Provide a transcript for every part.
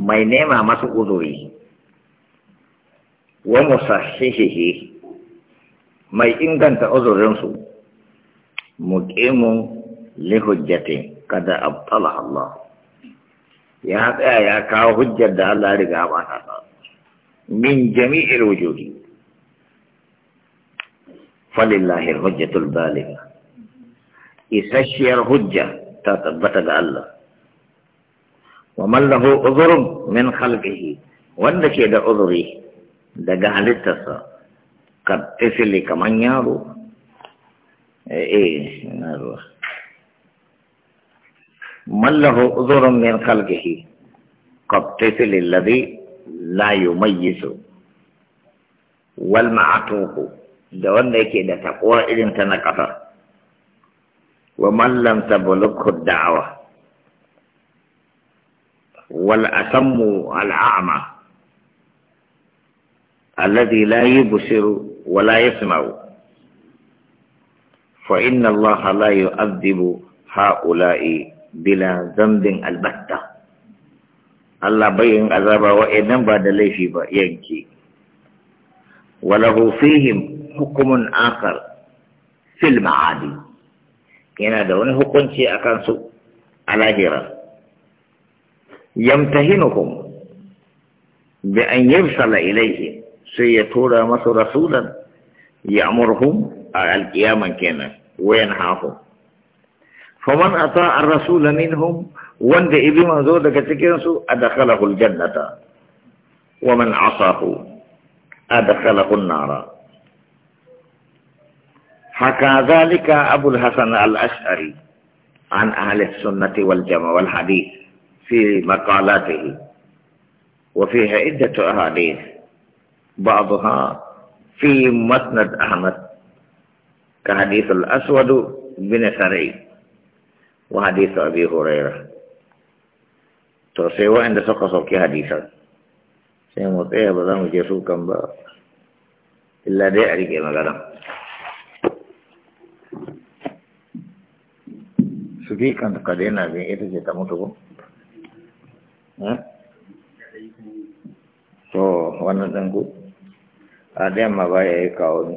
mai nema masu uzuri wa musahihihi mai inganta uzurinsu muqimun li hujjati kada abtala Allah ya tsaya ya kawo hujjar da Allah riga ba ta min jami'il wujuhi falillahi hujjatul baligha isashiyar hujja ta tabbata ga Allah wa mallahu uzurun min khalqihi wanda ke da uzuri daga halittarsa ka tifili kamar yaro eh, eh na ruwa mallahu uzurun min khalqihi ka tifili alladhi la yumayyizu wal ma'atuku da wanda yake da takwa irin ta na kafa wa man lam tablughu da'wa والأسم الأعمى الذي لا يبصر ولا يسمع فإن الله لا يؤذب هؤلاء بلا ذنب البتة الله بين عذاب وإنما بعد ليفي ينكي وله فيهم حكم آخر في المعادي ينادون حكم شيء أكان سوء على هرم يمتهنهم بأن يرسل إليه سيطور مصر رسولا يأمرهم القيامة كنا وينهاهم فمن أطاع الرسول منهم وند إبي منزود كتكنسو أدخله الجنة ومن عصاه أدخله النار حكى ذلك أبو الحسن الأشعري عن أهل السنة والجمع والحديث في مقالاته وفيها عدة أحاديث بعضها في مسند أحمد كحديث الأسود بن سري وحديث أبي هريرة توسيوا عند سوق سوق حديثا سيموت إيه بدأ مجيسو كمبا إلا دي أريكي مغانا سبيكا قدينا بإيه تجي تموتكم to wannan ɗan ku a da yamma ba ya yi kawo ne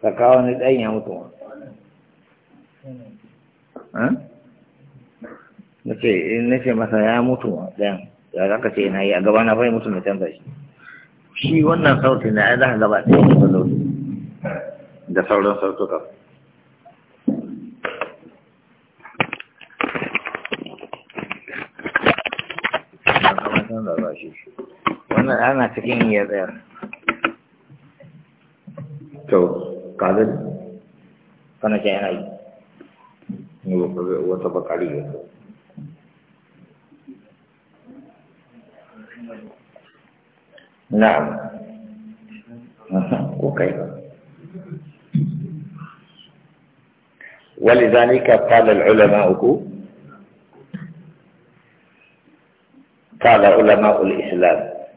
ka kawo ne ɗan ya mutu wa. ce na ce masa ya mutu ɗan ya zaka ce na yi a gaba na fai mutu na canza shi shi wannan sautin na ya za ka gaba ɗaya da sauran sautuka من الراجح وانا انا تكين يا دار تو قادر انا جاي هاي هو طبق علي نعم اوكي ولذلك قال العلماء قال علماء الإسلام